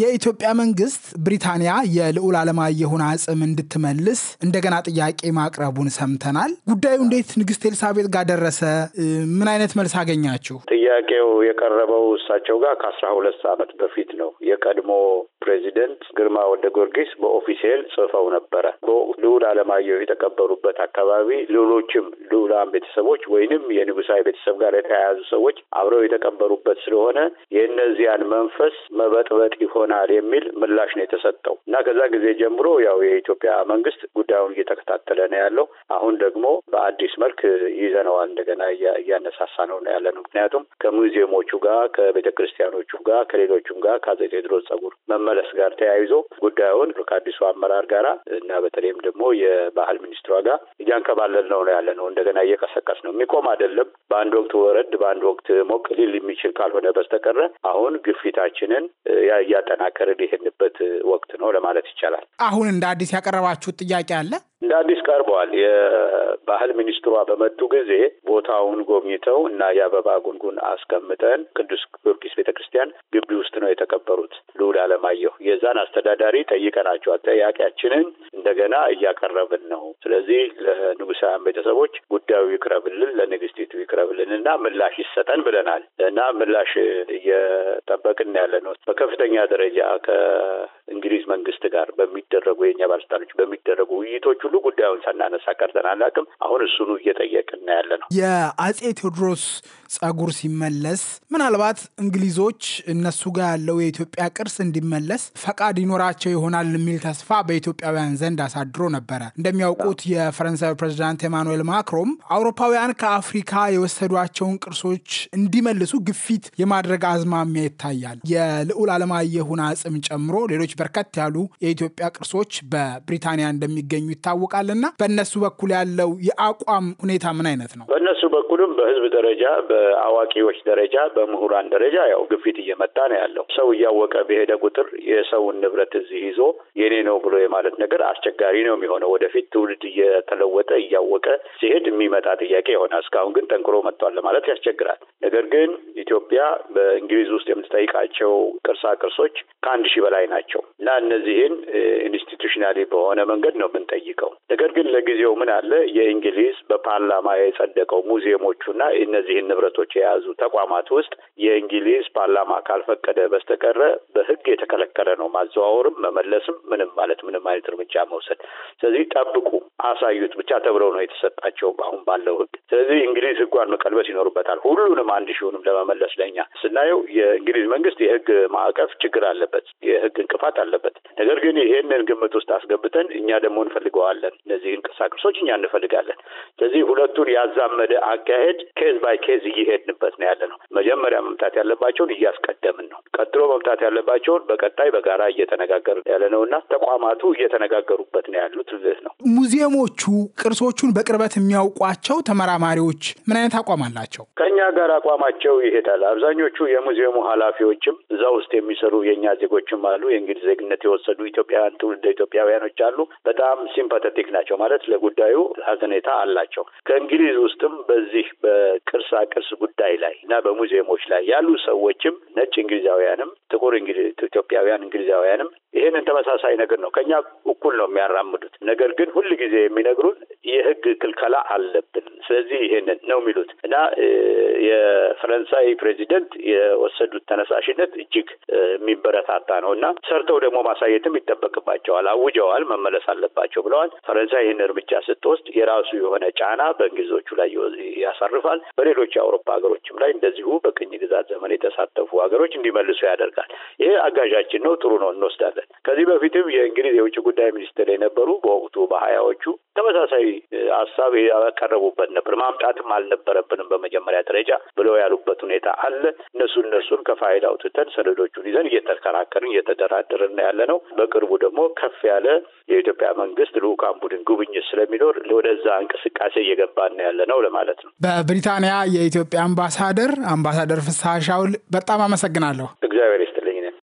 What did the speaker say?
የኢትዮጵያ መንግስት ብሪታንያ የልዑል ዓለማየሁን አጽም እንድትመልስ እንደገና ጥያቄ ማቅረቡን ሰምተናል። ጉዳዩ እንዴት ንግስት ኤልሳቤጥ ጋር ደረሰ? ምን አይነት መልስ አገኛችሁ? ጥያቄው የቀረበው እሳቸው ጋር ከአስራ ሁለት አመት በፊት ነው። የቀድሞ ፕሬዚደንት ግርማ ወደ ጊዮርጊስ በኦፊሴል ጽፈው ነበረ። ልዑል አለማየሁ የተቀበሩበት አካባቢ ሌሎችም ልዑላን ቤተሰቦች ወይንም የንጉሳዊ ቤተሰብ ጋር የተያያዙ ሰዎች አብረው የተቀበሩበት ስለሆነ የእነዚያን መንፈስ መበጥበጥ ይሆናል የሚል ምላሽ ነው የተሰጠው እና ከዛ ጊዜ ጀምሮ ያው የኢትዮጵያ መንግስት ጉዳዩን እየተከታተለ ነው ያለው። አሁን ደግሞ በአዲስ መልክ ይዘነዋል። እንደገና እያነሳሳ ነው ያለ ነው ምክንያቱም ከሙዚየሞቹ ጋር ከቤተ ክርስቲያኖቹ ጋር ከሌሎቹም ጋር ከአፄ ቴዎድሮስ ጸጉር መመለስ ጋር ተያይዞ ጉዳዩን ከአዲሱ አመራር ጋራ እና በተለይም ደግሞ የባህል ሚኒስትሯ ጋር እያንከባለል ነው ነው ያለ ነው። እንደገና እየቀሰቀስ ነው የሚቆም አይደለም። በአንድ ወቅት ወረድ፣ በአንድ ወቅት ሞቅ ሊል የሚችል ካልሆነ በስተቀረ አሁን ግፊታችንን እያጠናከርን የሄድንበት ወቅት ነው ለማለት ይቻላል። አሁን እንደ አዲስ ያቀረባችሁት ጥያቄ አለ እንደ አዲስ ቀርበዋል። የባህል ሚኒስትሯ በመጡ ጊዜ ቦታውን ጎብኝተው እና የአበባ ጉንጉን አስቀምጠን ቅዱስ ጊዮርጊስ ቤተ ክርስቲያን ግቢ ውስጥ ነው የተቀበሩት ልዑል አለማየሁ። የዛን አስተዳዳሪ ጠይቀናቸዋል። ጥያቄያችንን እንደገና እያቀረብን ነው። ስለዚህ ለንጉሳውያን ቤተሰቦች ጉዳዩ ይቅረብልን፣ ለንግስቲቱ ይቅረብልን እና ምላሽ ይሰጠን ብለናል እና ምላሽ እየጠበቅን ያለ ነው በከፍተኛ ደረጃ እንግሊዝ መንግስት ጋር በሚደረጉ የእኛ ባለስልጣኖች በሚደረጉ ውይይቶች ሁሉ ጉዳዩን ሳናነሳ ቀርተን አናውቅም። አሁን እሱኑ እየጠየቅን ያለ ነው። የአጼ ቴዎድሮስ ጸጉር ሲመለስ ምናልባት እንግሊዞች እነሱ ጋር ያለው የኢትዮጵያ ቅርስ እንዲመለስ ፈቃድ ይኖራቸው ይሆናል የሚል ተስፋ በኢትዮጵያውያን ዘንድ አሳድሮ ነበረ። እንደሚያውቁት የፈረንሳዊ ፕሬዚዳንት ኤማኑኤል ማክሮም አውሮፓውያን ከአፍሪካ የወሰዷቸውን ቅርሶች እንዲመልሱ ግፊት የማድረግ አዝማሚያ ይታያል። የልዑል አለማየሁን አጽም ጨምሮ ሌሎች በርከት ያሉ የኢትዮጵያ ቅርሶች በብሪታንያ እንደሚገኙ እና በእነሱ በኩል ያለው የአቋም ሁኔታ ምን አይነት ማለት ነው። በእነሱ በኩልም በህዝብ ደረጃ፣ በአዋቂዎች ደረጃ፣ በምሁራን ደረጃ ያው ግፊት እየመጣ ነው ያለው። ሰው እያወቀ በሄደ ቁጥር የሰውን ንብረት እዚህ ይዞ የኔ ነው ብሎ የማለት ነገር አስቸጋሪ ነው የሚሆነው። ወደፊት ትውልድ እየተለወጠ እያወቀ ሲሄድ የሚመጣ ጥያቄ ይሆናል። እስካሁን ግን ጠንክሮ መጥቷል ለማለት ያስቸግራል። ነገር ግን ኢትዮጵያ በእንግሊዝ ውስጥ የምትጠይቃቸው ቅርሳ ቅርሶች ከአንድ ሺህ በላይ ናቸው እና እነዚህን ኢንስቲቱሽናሊ በሆነ መንገድ ነው የምንጠይቀው። ነገር ግን ለጊዜው ምን አለ የእንግሊዝ በፓርላማ የጸደቀው ሙዚየሞቹና እነዚህን ንብረቶች የያዙ ተቋማት ውስጥ የእንግሊዝ ፓርላማ ካልፈቀደ በስተቀረ በህግ የተከለከለ ነው። ማዘዋወርም መመለስም ምንም ማለት ምንም አይነት እርምጃ መውሰድ። ስለዚህ ጠብቁ፣ አሳዩት ብቻ ተብለው ነው የተሰጣቸው አሁን ባለው ህግ ስለዚህ እንግሊዝ ህጓን መቀልበስ ይኖርበታል። ሁሉንም አንድ ሺውንም ለመመለስ ለኛ ስናየው የእንግሊዝ መንግስት የህግ ማዕቀፍ ችግር አለበት፣ የህግ እንቅፋት አለበት። ነገር ግን ይሄንን ግምት ውስጥ አስገብተን እኛ ደግሞ እንፈልገዋለን እነዚህ እንቅሳቅሶች እኛ እንፈልጋለን። ስለዚህ ሁለቱን ያዛመደ አካሄድ ኬዝ ባይ ኬዝ እየሄድንበት ነው ያለ ነው። መጀመሪያ መምጣት ያለባቸውን እያስቀደምን ነው። ቀጥሎ መምጣት ያለባቸውን በቀጣይ በጋራ እየተነጋገር ያለ ነው እና ተቋማቱ እየተነጋገሩበት ነው ያሉት ነው። ሙዚየሞቹ ቅርሶቹን በቅርበት የሚያውቋቸው ተመራማሪዎች ምን አይነት አቋም አላቸው? ከእኛ ጋር አቋማቸው ይሄዳል። አብዛኞቹ የሙዚየሙ ኃላፊዎችም እዛ ውስጥ የሚሰሩ የእኛ ዜጎችም አሉ። የእንግሊዝ ዜግነት የወሰዱ ኢትዮጵያውያን ትውልደ ኢትዮጵያውያኖች አሉ። በጣም ሲምፓተቲክ ናቸው ማለት ለጉዳዩ ሀዘኔታ አላቸው። ከእንግሊዝ እንግሊዝ ውስጥም በዚህ በቅርሳ ቅርስ ጉዳይ ላይ እና በሙዚየሞች ላይ ያሉ ሰዎችም ነጭ እንግሊዛውያንም ጥቁር ኢትዮጵያውያን እንግሊዛውያንም ይህንን ተመሳሳይ ነገር ነው ከኛ እኩል ነው የሚያራምዱት። ነገር ግን ሁል ጊዜ የሚነግሩን የህግ ክልከላ አለብን። ስለዚህ ይሄንን ነው የሚሉት እና የፈረንሳይ ፕሬዚደንት የወሰዱት ተነሳሽነት እጅግ የሚበረታታ ነው እና ሰርተው ደግሞ ማሳየትም ይጠበቅባቸዋል። አውጀዋል፣ መመለስ አለባቸው ብለዋል። ፈረንሳይ ይህን እርምጃ ስትወስድ የራሱ የሆነ ጫና በእንግሊዞቹ ላይ ያሳርፋል። በሌሎች የአውሮፓ ሀገሮችም ላይ እንደዚሁ በቅኝ ግዛት ዘመን የተሳተፉ ሀገሮች እንዲመልሱ ያደርጋል። ይሄ አጋዣችን ነው፣ ጥሩ ነው፣ እንወስዳለን። ከዚህ በፊትም የእንግሊዝ የውጭ ጉዳይ ሚኒስትር የነበሩ በወቅቱ በሀያዎቹ ተመሳሳይ ሀሳብ ያቀረቡበት ነበር። ማምጣትም አልነበረብንም በመጀመሪያ ደረጃ ብለው ያሉበት ሁኔታ አለ። እነሱ እነሱን ከፋይል አውጥተን ሰነዶቹን ይዘን እየተከራከርን እየተደራደርን ያለ ነው። በቅርቡ ደግሞ ከፍ ያለ የኢትዮጵያ መንግስት ልዑካን ቡድን ጉብኝት ስለሚኖር ወደዛ እንቅስቃሴ እየገባን ያለ ነው ለማለት ነው። በብሪታንያ የኢትዮጵያ አምባሳደር አምባሳደር ፍስሐ ሻውል በጣም አመሰግናለሁ። እግዚአብሔር